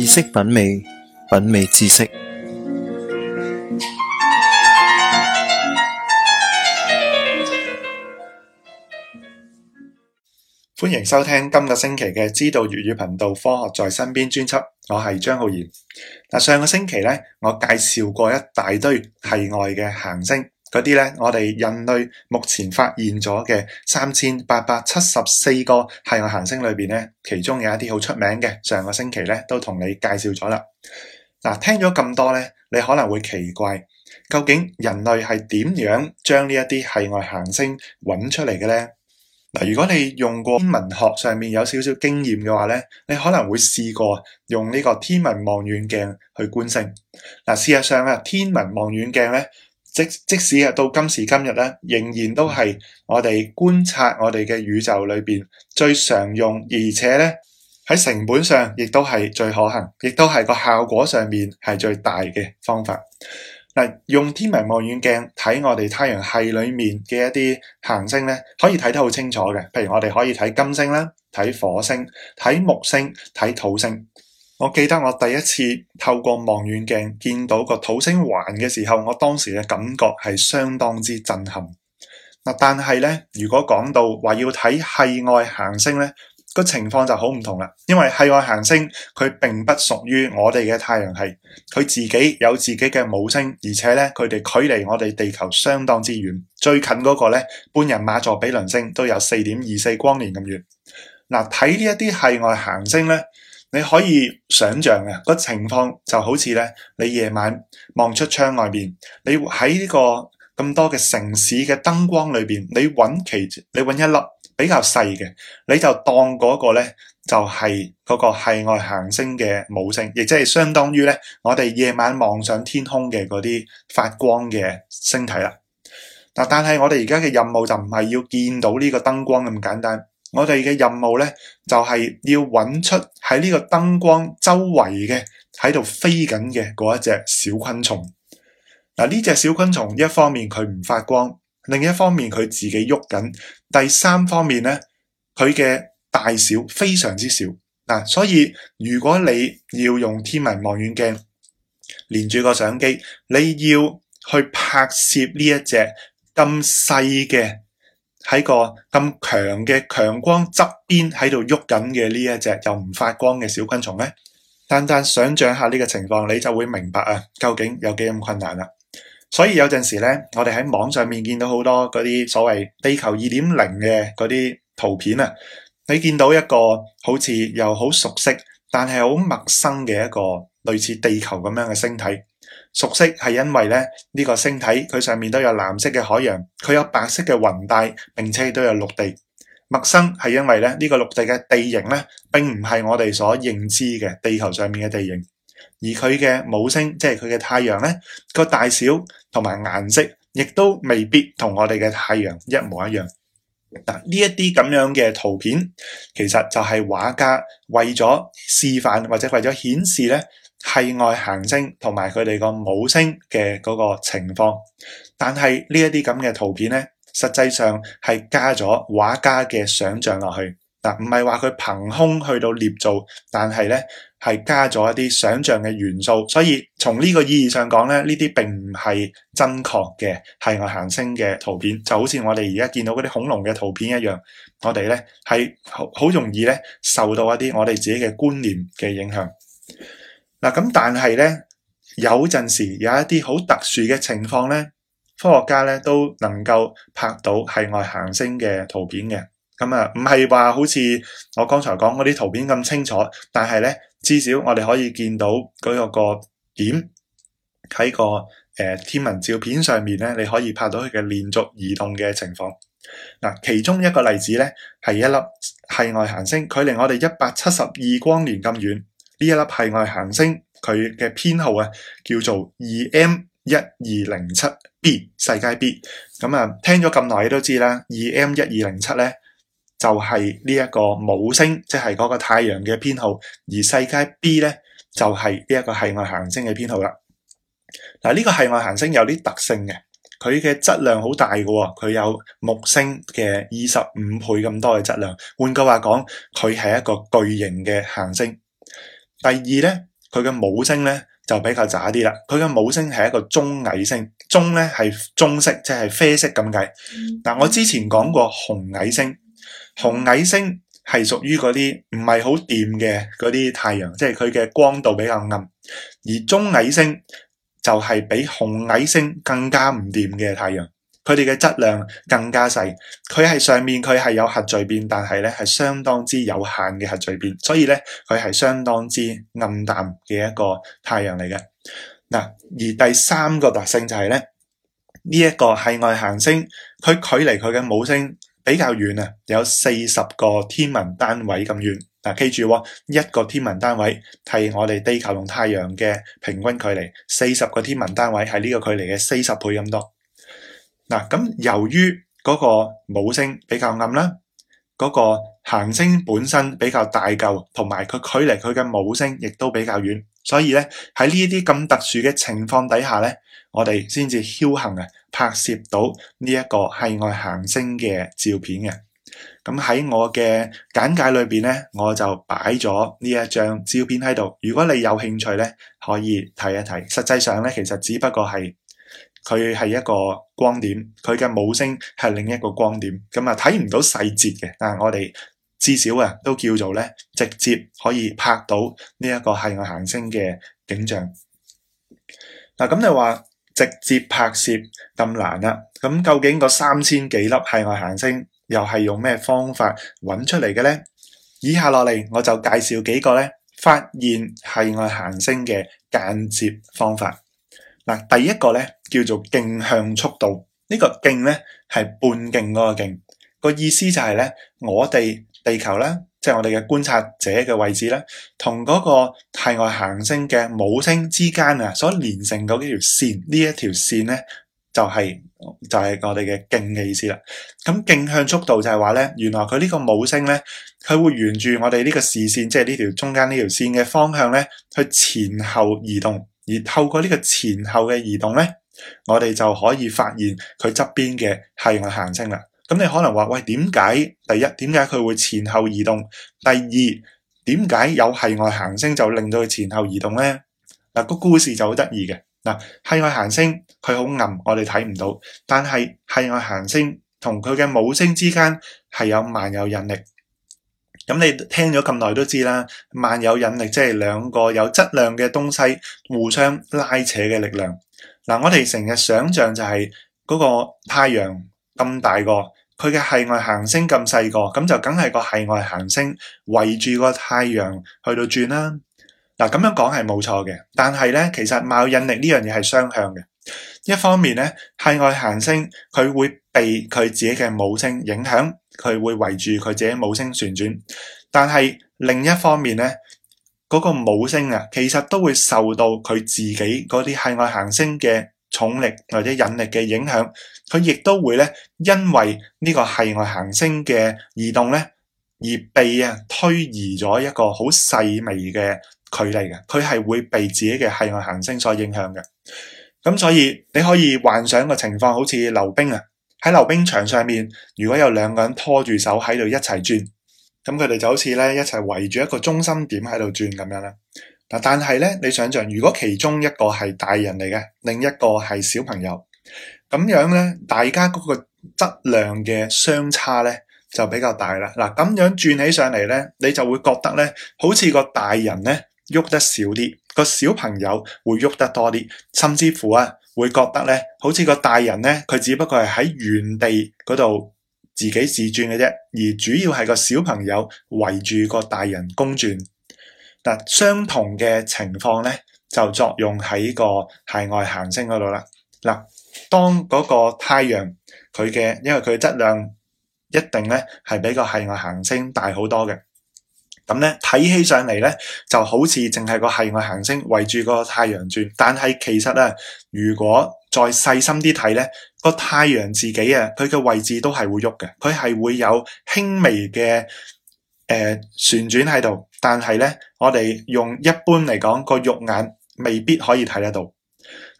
知識品味，品味知識。歡迎收聽今個星期嘅《知道粵語頻道》《科學在身邊》專輯。我係張浩然。嗱，上個星期呢，我介紹過一大堆系外嘅行星。嗰啲咧，我哋人類目前發現咗嘅三千八百七十四個系外行星裏邊咧，其中有一啲好出名嘅，上個星期咧都同你介紹咗啦。嗱，聽咗咁多咧，你可能會奇怪，究竟人類係點樣將呢一啲系外行星揾出嚟嘅咧？嗱，如果你用過天文學上面有少少經驗嘅話咧，你可能會試過用呢個天文望遠鏡去觀星。嗱，事實上咧，天文望遠鏡咧。即即使啊到今時今日咧，仍然都係我哋觀察我哋嘅宇宙裏邊最常用，而且咧喺成本上亦都係最可行，亦都係個效果上面係最大嘅方法。嗱，用天文望遠鏡睇我哋太陽系裏面嘅一啲行星咧，可以睇得好清楚嘅。譬如我哋可以睇金星啦，睇火星，睇木星，睇土星。我記得我第一次透過望遠鏡見到個土星環嘅時候，我當時嘅感覺係相當之震撼。嗱，但係咧，如果講到話要睇系外行星咧，個情況就好唔同啦。因為系外行星佢並不屬於我哋嘅太陽系，佢自己有自己嘅母星，而且咧佢哋距離我哋地球相當之遠，最近嗰個咧半人馬座比鄰星都有四點二四光年咁遠。嗱，睇呢一啲系外行星咧，你可以想象嘅個情況就好似咧，你夜晚望出窗外邊，你喺呢個咁多嘅城市嘅燈光裏邊，你搵其你搵一粒比較細嘅，你就當嗰個咧就係嗰個係外行星嘅母星，亦即係相當於咧我哋夜晚望上天空嘅嗰啲發光嘅星體啦。嗱，但係我哋而家嘅任務就唔係要見到呢個燈光咁簡單。我哋嘅任務咧，就係要揾出喺呢個燈光周圍嘅喺度飛緊嘅嗰一隻小昆蟲。嗱，呢隻小昆蟲一方面佢唔發光，另一方面佢自己喐緊，第三方面咧，佢嘅大小非常之小。嗱，所以如果你要用天文望遠鏡連住個相機，你要去拍攝呢一隻咁細嘅。喺個咁強嘅強光側邊喺度喐緊嘅呢一隻又唔發光嘅小昆蟲咧，單單想象下呢個情況，你就會明白啊，究竟有幾咁困難啦，啊。所以有陣時咧，我哋喺網上面見到好多嗰啲所謂地球二點零嘅嗰啲圖片啊，你見到一個好似又好熟悉，但係好陌生嘅一個類似地球咁樣嘅星體。熟悉係因為咧呢個星體佢上面都有藍色嘅海洋，佢有白色嘅雲帶，並且都有陸地。陌生係因為咧呢個陸地嘅地形咧並唔係我哋所認知嘅地球上面嘅地形，而佢嘅母星即係佢嘅太陽咧個大小同埋顏色，亦都未必同我哋嘅太陽一模一樣。嗱呢一啲咁樣嘅圖片，其實就係畫家為咗示範或者為咗顯示咧，系外行星同埋佢哋個母星嘅嗰個情況，但係呢一啲咁嘅圖片咧，實際上係加咗畫家嘅想象落去嗱，唔係話佢憑空去到捏造，但係咧係加咗一啲想象嘅元素，所以從呢個意義上講咧，呢啲並唔係真確嘅系外行星嘅圖片，就好似我哋而家見到嗰啲恐龍嘅圖片一樣，我哋咧係好好容易咧受到一啲我哋自己嘅觀念嘅影響。嗱，咁但係咧，有陣時有一啲好特殊嘅情況咧，科學家咧都能夠拍到系外行星嘅圖片嘅。咁啊，唔係話好似我剛才講嗰啲圖片咁清楚，但係咧，至少我哋可以見到佢個個點喺個誒天文照片上面咧，你可以拍到佢嘅連續移動嘅情況。嗱，其中一個例子咧係一粒系外行星，距離我哋一百七十二光年咁遠。呢一粒系外行星，佢嘅編號啊，叫做二 M 一二零七 B 世界 B。咁啊，聽咗咁耐都知啦，二 M 一二零七咧，就係呢一個母星，即係嗰個太陽嘅編號，而世界 B 咧，就係呢一個系外行星嘅編號啦。嗱，呢個系外行星有啲特性嘅，佢嘅質量好大㗎，佢有木星嘅二十五倍咁多嘅質量。換句話講，佢係一個巨型嘅行星。第二咧，佢嘅母星咧就比較渣啲啦。佢嘅母星係一個棕矮星，棕咧係棕色，即係啡色咁解。嗱、嗯啊，我之前講過紅矮星，紅矮星係屬於嗰啲唔係好掂嘅嗰啲太陽，即係佢嘅光度比較暗。而棕矮星就係比紅矮星更加唔掂嘅太陽。佢哋嘅質量更加細，佢係上面佢係有核聚變，但係咧係相當之有限嘅核聚變，所以咧佢係相當之暗淡嘅一個太陽嚟嘅。嗱，而第三個特性就係咧，呢一個系外行星，佢距離佢嘅母星比較遠啊，有四十個天文單位咁遠。嗱，記住喎，一個天文單位係我哋地球同太陽嘅平均距離，四十個天文單位係呢個距離嘅四十倍咁多。嗱，咁由於嗰個母星比較暗啦，嗰個行星本身比較大嚿，同埋佢距離佢嘅母星亦都比較遠，所以咧喺呢啲咁特殊嘅情況底下咧，我哋先至僥幸嘅拍攝到呢一個係外行星嘅照片嘅。咁喺我嘅簡介裏面咧，我就擺咗呢一張照片喺度。如果你有興趣咧，可以睇一睇。實際上咧，其實只不過係。佢係一個光點，佢嘅母星係另一個光點，咁啊睇唔到細節嘅，但係我哋至少啊都叫做咧直接可以拍到呢一個係外行星嘅景象。嗱，咁你話直接拍攝咁難啦，咁究竟嗰三千幾粒系外行星又係用咩方法揾出嚟嘅咧？以下落嚟我就介紹幾個咧發現係外行星嘅間接方法。嗱，第一個咧叫做徑向速度，呢個徑咧係半徑嗰個徑，個意思就係咧我哋地球咧，即係我哋嘅觀察者嘅位置咧，同嗰個太外行星嘅母星之間啊，所連成嗰幾條線，呢一條線咧就係就係我哋嘅徑嘅意思啦。咁徑向速度就係話咧，原來佢呢個母星咧，佢會沿住我哋呢個視線，即係呢條中間呢條線嘅方向咧，去前後移動。而透過呢個前後嘅移動咧，我哋就可以發現佢側邊嘅系外行星啦。咁你可能話：喂，點解第一，點解佢會前後移動？第二，點解有系外行星就令到佢前後移動咧？嗱、那，個故事就好得意嘅。嗱，系外行星佢好暗，我哋睇唔到，但係系外行星同佢嘅母星之間係有萬有引力。咁你聽咗咁耐都知啦，萬有引力即係兩個有質量嘅東西互相拉扯嘅力量。嗱，我哋成日想象就係嗰個太陽咁大個，佢嘅系外行星咁細個，咁就梗係個系外行星圍住個太陽去到轉啦。嗱，咁樣講係冇錯嘅，但係咧，其實萬有引力呢樣嘢係雙向嘅。一方面咧，系外行星佢會被佢自己嘅母星影響。佢會圍住佢自己母星旋轉，但係另一方面咧，嗰個母星啊，其實都會受到佢自己嗰啲系外行星嘅重力或者引力嘅影響，佢亦都會咧因為呢個系外行星嘅移動咧而被啊推移咗一個好細微嘅距離嘅，佢係會被自己嘅系外行星所影響嘅，咁所以你可以幻想個情況好似溜冰啊。喺溜冰場上面，如果有兩個人拖住手喺度一齊轉，咁佢哋就好似咧一齊圍住一個中心點喺度轉咁樣咧。嗱，但係咧，你想象如果其中一個係大人嚟嘅，另一個係小朋友，咁樣咧，大家嗰個質量嘅相差咧就比較大啦。嗱，咁樣轉起上嚟咧，你就會覺得咧，好似個大人咧喐得少啲，個小朋友會喐得多啲，甚至乎啊。會覺得咧，好似個大人咧，佢只不過係喺原地嗰度自己自轉嘅啫，而主要係個小朋友圍住個大人公轉。嗱，相同嘅情況咧，就作用喺個系外行星嗰度啦。嗱，當嗰個太陽佢嘅，因為佢嘅質量一定咧係比個系外行星大好多嘅。咁咧睇起上嚟咧，就好似淨係個系外行星圍住個太陽轉。但係其實咧，如果再細心啲睇咧，個太陽自己啊，佢嘅位置都係會喐嘅。佢係會有輕微嘅誒、呃、旋轉喺度。但係咧，我哋用一般嚟講個肉眼未必可以睇得到。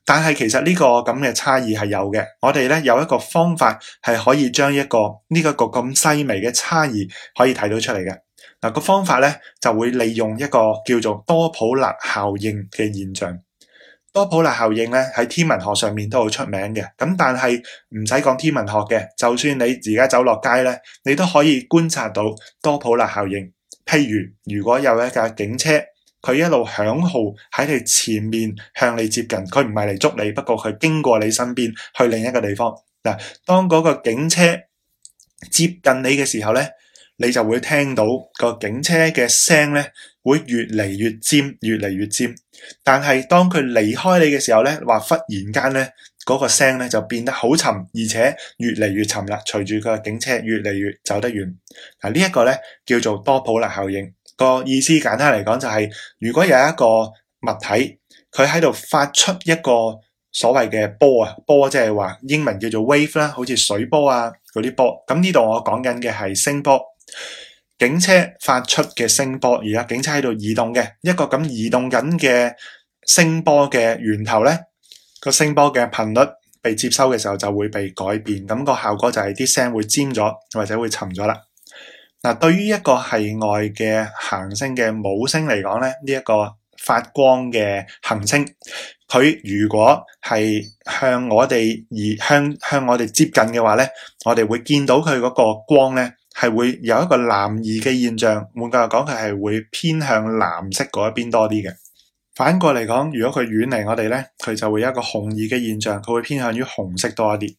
但係其實呢、這個咁嘅差異係有嘅。我哋咧有一個方法係可以將一個呢、這個咁細微嘅差異可以睇到出嚟嘅。嗱，個方法咧，就會利用一個叫做多普勒效應嘅現象。多普勒效應咧喺天，天文學上面都好出名嘅。咁但係唔使講天文學嘅，就算你而家走落街咧，你都可以觀察到多普勒效應。譬如如果有一架警車，佢一路響號喺你前面向你接近，佢唔係嚟捉你，不過佢經過你身邊去另一個地方。嗱，當嗰個警車接近你嘅時候咧，你就會聽到個警車嘅聲咧，會越嚟越尖，越嚟越尖。但係當佢離開你嘅時候咧，話忽然間咧，嗰個聲咧就變得好沉，而且越嚟越沉啦。隨住佢個警車越嚟越走得遠，嗱，呢一個咧叫做多普勒效應。個意思簡單嚟講就係，如果有一個物體佢喺度發出一個所謂嘅波啊，波即係話英文叫做 wave 啦，好似水波啊嗰啲波。咁呢度我講緊嘅係聲波。警車發出嘅聲波，而家警車喺度移動嘅一個咁移動緊嘅聲波嘅源頭咧，個聲波嘅頻率被接收嘅時候就會被改變，咁個效果就係啲聲會尖咗或者會沉咗啦。嗱，對於一個系外嘅行星嘅母星嚟講咧，呢一個發光嘅行星，佢如果係向我哋移向向我哋接近嘅話咧，我哋會見到佢嗰個光咧。係會有一個藍移嘅現象，換句話講，佢係會偏向藍色嗰一邊多啲嘅。反過嚟講，如果佢遠離我哋咧，佢就會有一個紅移嘅現象，佢會偏向於紅色多一啲。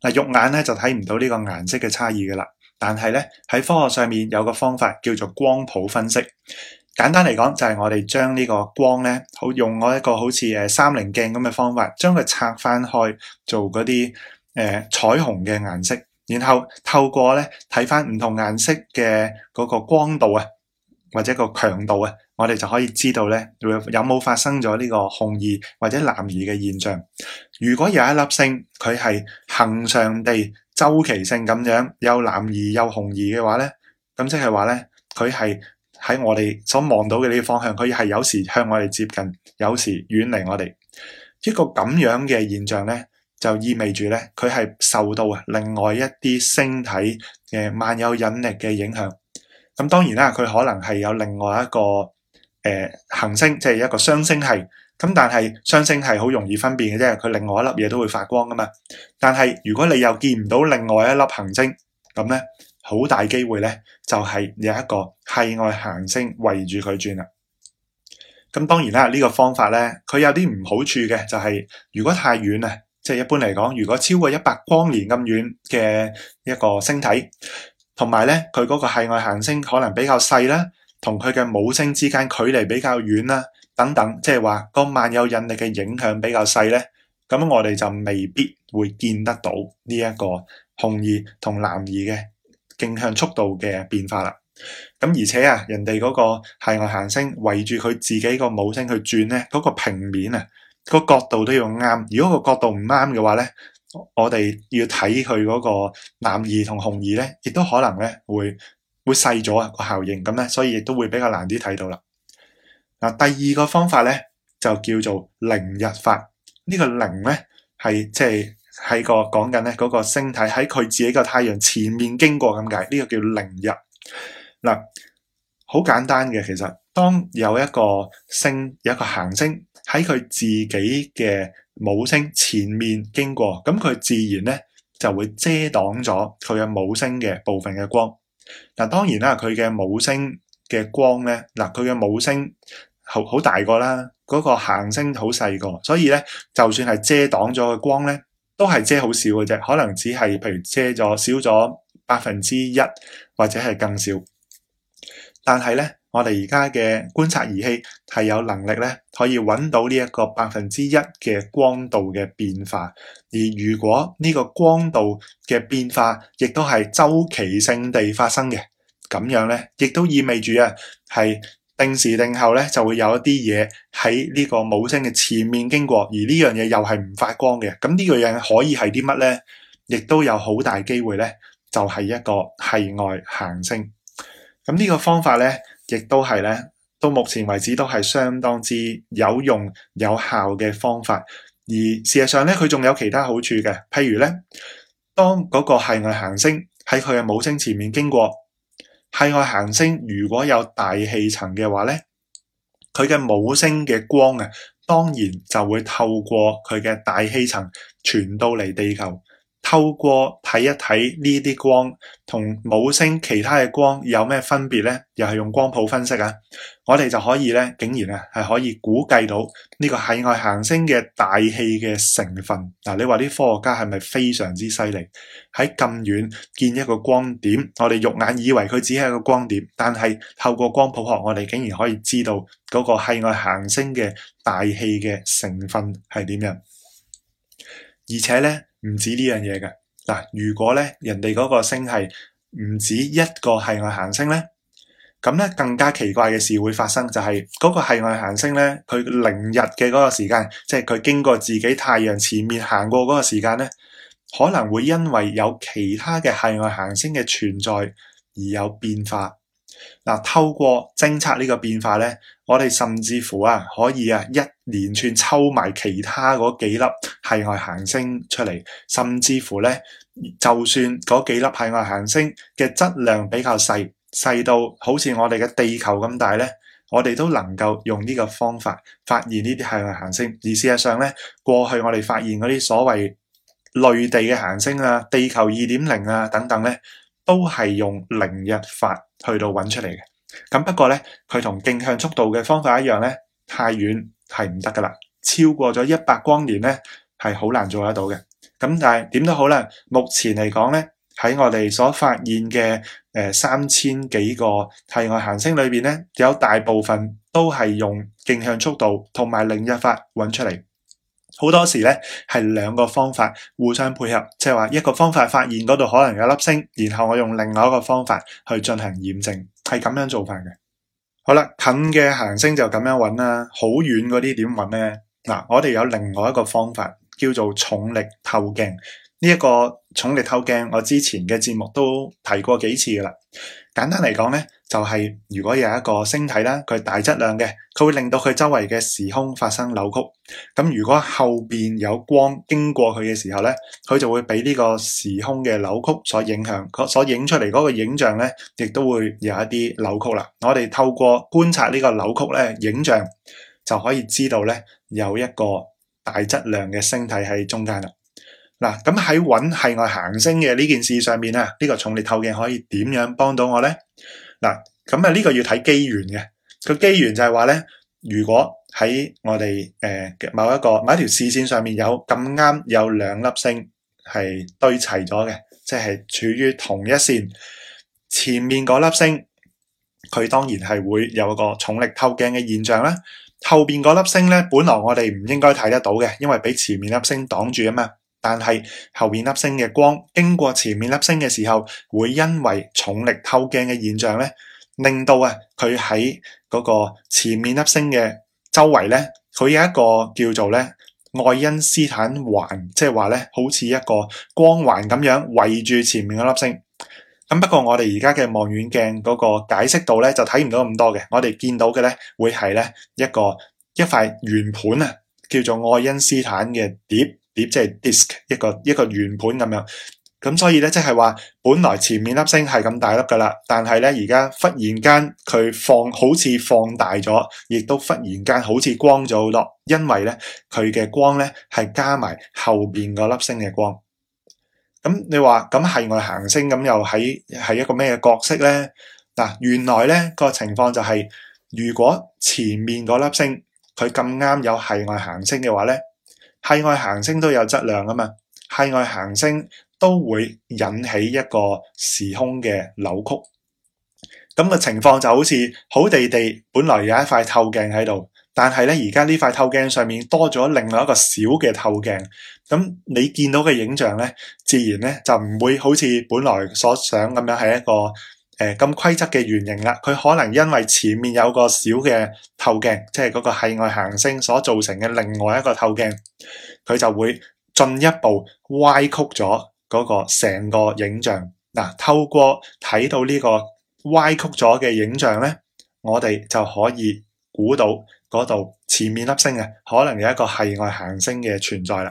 嗱，肉眼咧就睇唔到呢個顏色嘅差異噶啦。但係咧喺科學上面有個方法叫做光譜分析，簡單嚟講就係、是、我哋將呢個光咧，好用我一個好似誒三棱鏡咁嘅方法，將佢拆翻開做嗰啲誒彩虹嘅顏色。然後透過咧睇翻唔同顏色嘅嗰個光度啊，或者個強度啊，我哋就可以知道咧有冇發生咗呢個紅移或者藍移嘅現象。如果有一粒星佢係恆常地周期性咁樣又藍移又紅移嘅話咧，咁即係話咧佢係喺我哋所望到嘅呢個方向，佢係有時向我哋接近，有時遠離我哋。一個咁樣嘅現象咧。就意味住咧，佢係受到另外一啲星體誒萬有引力嘅影響。咁當然啦，佢可能係有另外一個誒、呃、行星，即、就、係、是、一個雙星系。咁但係雙星系好容易分辨嘅啫，佢另外一粒嘢都會發光噶嘛。但係如果你又見唔到另外一粒行星，咁咧好大機會咧就係有一個系外行星圍住佢轉啦。咁當然啦，呢、這個方法咧佢有啲唔好處嘅、就是，就係如果太遠啊。即係一般嚟講，如果超過一百光年咁遠嘅一個星體，同埋咧佢嗰個系外行星可能比較細啦，同佢嘅母星之間距離比較遠啦，等等，即係話個萬有引力嘅影響比較細咧，咁我哋就未必會見得到呢一個紅移同藍移嘅徑向速度嘅變化啦。咁而且啊，人哋嗰個系外行星圍住佢自己個母星去轉咧，嗰個平面啊～個角度都要啱，如果個角度唔啱嘅話咧，我哋要睇佢嗰個藍移同紅移咧，亦都可能咧會會細咗啊個效應，咁咧所以亦都會比較難啲睇到啦。嗱，第二個方法咧就叫做凌日法，呢個凌咧係即係喺個講緊咧嗰個星體喺佢自己個太陽前面經過咁解，呢個叫凌日。嗱，好簡單嘅其實，當有一個星有一個行星。喺佢自己嘅母星前面經過，咁佢自然咧就會遮擋咗佢嘅母星嘅部分嘅光。嗱，當然啦，佢嘅母星嘅光咧，嗱，佢嘅母星好好大個啦，嗰個行星好細個，所以咧就算係遮擋咗嘅光咧，都係遮好少嘅啫，可能只係譬如遮咗少咗百分之一或者係更少，但係咧。我哋而家嘅觀察儀器係有能力咧，可以揾到呢一個百分之一嘅光度嘅變化。而如果呢個光度嘅變化亦都係周期性地發生嘅，咁樣咧，亦都意味住啊，係定時定候咧就會有一啲嘢喺呢個母星嘅前面經過，而呢樣嘢又係唔發光嘅。咁呢樣嘢可以係啲乜咧？亦都有好大機會咧，就係一個系外行星。咁呢個方法咧？亦都係咧，到目前為止都係相當之有用有效嘅方法。而事實上咧，佢仲有其他好處嘅，譬如咧，當嗰個系外行星喺佢嘅母星前面經過，系外行星如果有大氣層嘅話咧，佢嘅母星嘅光啊，當然就會透過佢嘅大氣層傳到嚟地球。透過睇一睇呢啲光同母星其他嘅光有咩分別呢？又係用光譜分析啊，我哋就可以咧，竟然咧係可以估計到呢個系外行星嘅大氣嘅成分嗱，啊。你話啲科學家係咪非常之犀利喺咁遠見一個光點？我哋肉眼以為佢只係一個光點，但係透過光譜學，我哋竟然可以知道嗰個系外行星嘅大氣嘅成分係點樣，而且呢。唔止呢樣嘢嘅嗱，如果咧人哋嗰個星系唔止一個系外行星咧，咁咧更加奇怪嘅事會發生，就係，就係嗰個系外行星咧，佢凌日嘅嗰個時間，即係佢經過自己太陽前面行過嗰個時間咧，可能會因為有其他嘅系外行星嘅存在而有變化。嗱、啊，透過偵測呢個變化咧，我哋甚至乎啊，可以啊一連串抽埋其他嗰幾粒系外行星出嚟，甚至乎咧，就算嗰幾粒系外行星嘅質量比較細，細到好似我哋嘅地球咁大咧，我哋都能夠用呢個方法發現呢啲系外行星。而事實上咧，過去我哋發現嗰啲所謂類地嘅行星啊、地球二點零啊等等咧。都係用凌日法去到揾出嚟嘅，咁不過咧，佢同徑向速度嘅方法一樣咧，太遠係唔得噶啦，超過咗一百光年咧係好難做得到嘅。咁但係點都好啦，目前嚟講咧，喺我哋所發現嘅誒三千幾個系外行星裏邊咧，有大部分都係用徑向速度同埋凌日法揾出嚟。好多時咧係兩個方法互相配合，即係話一個方法發現嗰度可能有粒星，然後我用另外一個方法去進行驗證，係咁樣做法嘅。好啦，近嘅行星就咁樣揾啦，好遠嗰啲點揾咧？嗱，我哋有另外一個方法，叫做重力透鏡。呢一個重力透鏡，我之前嘅節目都提過幾次噶啦。簡單嚟講咧，就係如果有一個星體啦，佢係大質量嘅，佢會令到佢周圍嘅時空發生扭曲。咁如果後邊有光經過佢嘅時候咧，佢就會俾呢個時空嘅扭曲所影響，所影出嚟嗰個影像咧，亦都會有一啲扭曲啦。我哋透過觀察呢個扭曲咧影像，就可以知道咧有一個大質量嘅星體喺中間啦。嗱，咁喺搵系外行星嘅呢件事上面啊，呢個重力透鏡可以點樣幫到我咧？嗱，咁啊呢個要睇機緣嘅。個機緣就係話咧，如果喺我哋誒某一個某一條視線上面有咁啱有兩粒星係對齊咗嘅，即係處於同一線前面嗰粒星，佢當然係會有個重力透鏡嘅現象啦。後邊嗰粒星咧，本來我哋唔應該睇得到嘅，因為俾前面粒星擋住啊嘛。但係後面粒星嘅光經過前面粒星嘅時候，會因為重力透鏡嘅現象咧，令到啊佢喺嗰個前面粒星嘅周圍咧，佢有一個叫做咧愛因斯坦環，即係話咧好似一個光環咁樣圍住前面粒星。咁不過我哋而家嘅望遠鏡嗰個解釋度咧，就睇唔到咁多嘅。我哋見到嘅咧，會係咧一個一塊圓盤啊，叫做愛因斯坦嘅碟。碟，即係 disk，一個一個圓盤咁樣，咁所以咧，即係話本來前面粒星係咁大粒噶啦，但係咧而家忽然間佢放好似放大咗，亦都忽然間好似光咗好多，因為咧佢嘅光咧係加埋後邊嗰粒星嘅光。咁你話咁系外行星咁又喺係一個咩嘅角色咧？嗱，原來咧個情況就係如果前面嗰粒星佢咁啱有系外行星嘅話咧。系外行星都有質量啊嘛，系外行星都會引起一個時空嘅扭曲。咁個情況就好似好地地，本來有一塊透鏡喺度，但係咧而家呢塊透鏡上面多咗另外一個小嘅透鏡，咁你見到嘅影像咧，自然咧就唔會好似本來所想咁樣係一個。誒，咁規則嘅圓形啦，佢可能因為前面有個小嘅透鏡，即係嗰個系外行星所造成嘅另外一個透鏡，佢就會進一步歪曲咗嗰個成個影像。嗱、啊，透過睇到呢個歪曲咗嘅影像咧，我哋就可以估到嗰度前面粒星呀可能有一個系外行星嘅存在啦。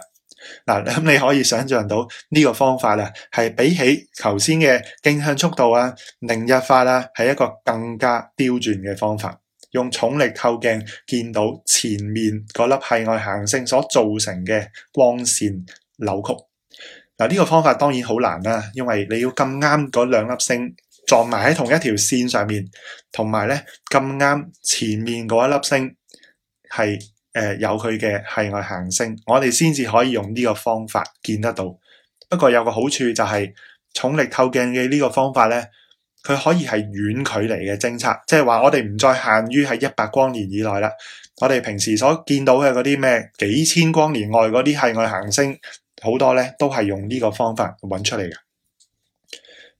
嗱，咁你可以想象到呢個方法啦，係比起頭先嘅徑向速度啊、凌日法啦，係一個更加刁鑽嘅方法。用重力透鏡見到前面嗰粒系外行星所造成嘅光線扭曲。嗱，呢個方法當然好難啦，因為你要咁啱嗰兩粒星撞埋喺同一條線上面，同埋咧咁啱前面嗰一粒星系。誒、呃，有佢嘅系外行星，我哋先至可以用呢個方法見得到。不過有個好處就係、是、重力透鏡嘅呢個方法咧，佢可以係遠距離嘅偵測，即係話我哋唔再限於喺一百光年以內啦。我哋平時所見到嘅嗰啲咩幾千光年外嗰啲系外行星，好多咧都係用呢個方法揾出嚟嘅。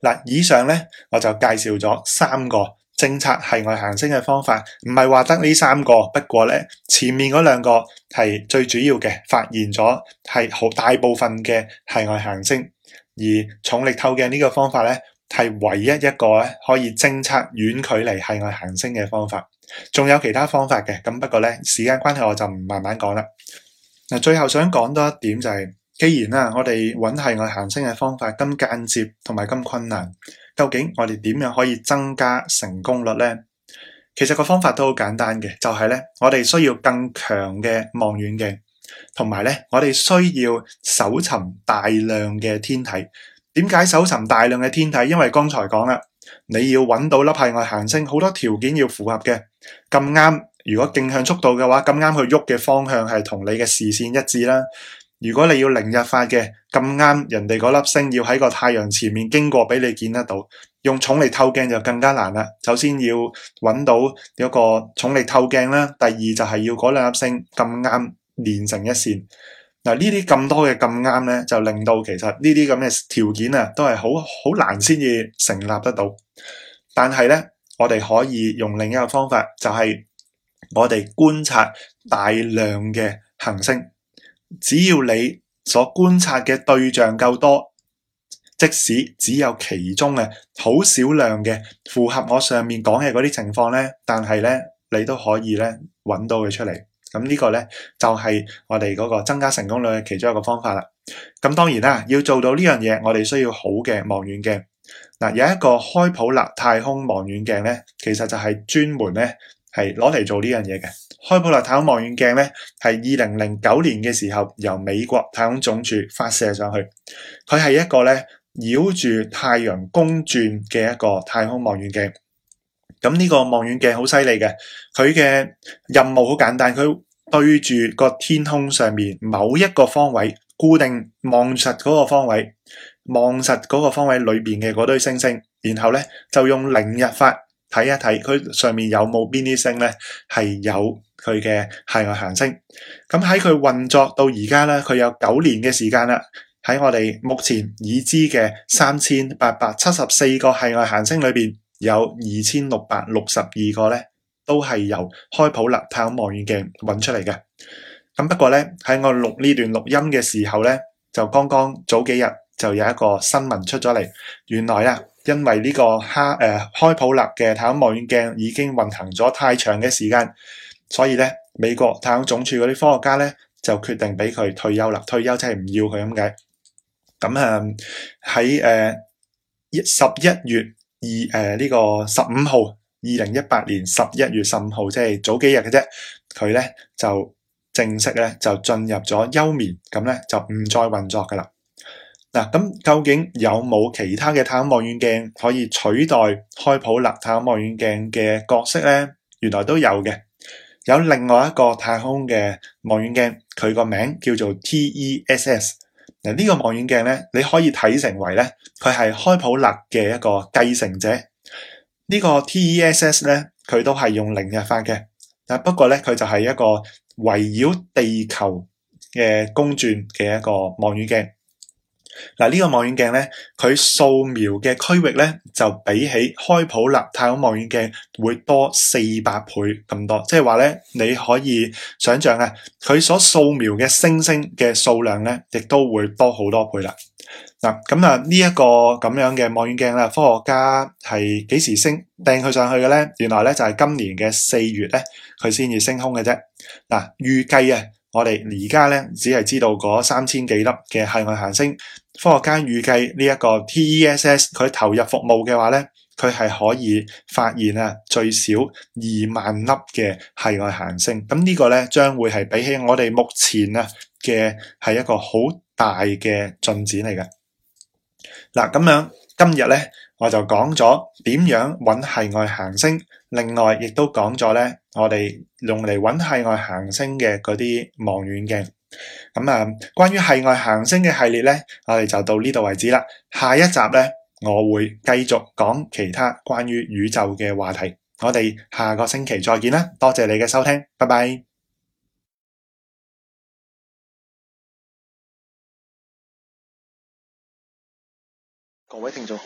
嗱，以上咧我就介紹咗三個。偵測系外行星嘅方法唔係話得呢三個，不過咧前面嗰兩個係最主要嘅，發現咗係好大部分嘅系外行星，而重力透鏡呢個方法咧係唯一一個咧可以偵測遠距離系外行星嘅方法，仲有其他方法嘅，咁不過咧時間關係，我就唔慢慢講啦。嗱，最後想講多一點就係、是，既然啦我哋揾系外行星嘅方法咁間接同埋咁困難。究竟我哋點樣可以增加成功率呢？其實個方法都好簡單嘅，就係咧我哋需要更強嘅望遠鏡，同埋咧我哋需要搜尋大量嘅天體。點解搜尋大量嘅天體？因為剛才講啦，你要搵到粒系外行星，好多條件要符合嘅。咁啱，如果徑向速度嘅話，咁啱佢喐嘅方向係同你嘅視線一致啦。如果你要凌日法嘅咁啱，人哋嗰粒星要喺個太陽前面經過，俾你見得到。用重力透鏡就更加難啦。首先要搵到有一個重力透鏡啦，第二就係要嗰兩粒星咁啱連成一線。嗱，呢啲咁多嘅咁啱咧，就令到其實呢啲咁嘅條件啊，都係好好難先至成立得到。但係咧，我哋可以用另一個方法，就係我哋觀察大量嘅行星。只要你所觀察嘅對象夠多，即使只有其中嘅好少量嘅符合我上面講嘅嗰啲情況咧，但係咧你都可以咧揾到佢出嚟。咁呢個咧就係我哋嗰個增加成功率嘅其中一個方法啦。咁當然啦，要做到呢樣嘢，我哋需要好嘅望遠鏡。嗱，有一個開普勒太空望遠鏡咧，其實就係專門咧。係攞嚟做呢樣嘢嘅。開普勒太空望遠鏡咧，係二零零九年嘅時候由美國太空總署發射上去。佢係一個咧繞住太陽公轉嘅一個太空望遠鏡。咁呢個望遠鏡好犀利嘅，佢嘅任務好簡單，佢對住個天空上面某一個方位固定望實嗰個方位，望實嗰個方位裏邊嘅嗰堆星星，然後咧就用凌日法。睇一睇佢上面有冇邊啲星咧，係有佢嘅系外行星。咁喺佢運作到而家咧，佢有九年嘅時間啦。喺我哋目前已知嘅三千八百七十四個系外行星裏邊，有二千六百六十二個咧，都係由開普勒太空望遠鏡揾出嚟嘅。咁不過咧，喺我錄呢段錄音嘅時候咧，就剛剛早幾日就有一個新聞出咗嚟，原來啊。因為呢個哈誒開普勒嘅太空望遠鏡已經運行咗太長嘅時間，所以咧美國太空總署嗰啲科學家咧就決定俾佢退休啦。退休即係唔要佢咁解。咁誒喺誒十一月二誒呢個十五號，二零一八年十一月十五號，即係早幾日嘅啫。佢咧就正式咧就進入咗休眠，咁咧就唔再運作噶啦。嗱，咁究竟有冇其他嘅太空望遠鏡可以取代開普勒太空望遠鏡嘅角色咧？原來都有嘅，有另外一個太空嘅望遠鏡，佢個名叫做 TESS。嗱，呢個望遠鏡咧，你可以睇成為咧，佢係開普勒嘅一個繼承者。呢個 TESS 咧，佢都係用凌日法嘅，但不過咧，佢就係一個圍繞地球嘅公轉嘅一個望遠鏡。嗱，呢個望遠鏡咧，佢掃描嘅區域咧，就比起開普勒太空望遠鏡會多四百倍咁多，即係話咧，你可以想象，啊，佢所掃描嘅星星嘅數量咧，亦都會多好多倍啦。嗱，咁啊，呢一個咁樣嘅望遠鏡啦，科學家係幾時升掟佢上去嘅咧？原來咧就係今年嘅四月咧，佢先至升空嘅啫。嗱，預計啊，我哋而家咧只係知道嗰三千幾粒嘅系外行星。科學家預計呢一個 TESS 佢投入服務嘅話咧，佢係可以發現啊最少二萬粒嘅係外行星。咁呢個咧將會係比起我哋目前啊嘅係一個好大嘅進展嚟嘅。嗱咁樣今日咧我就講咗點樣揾係外行星，另外亦都講咗咧我哋用嚟揾係外行星嘅嗰啲望遠鏡。咁、嗯、啊，關於系外行星嘅系列呢，我哋就到呢度為止啦。下一集呢，我會繼續講其他關於宇宙嘅話題。我哋下個星期再見啦，多謝你嘅收聽，拜拜。各位聽眾好。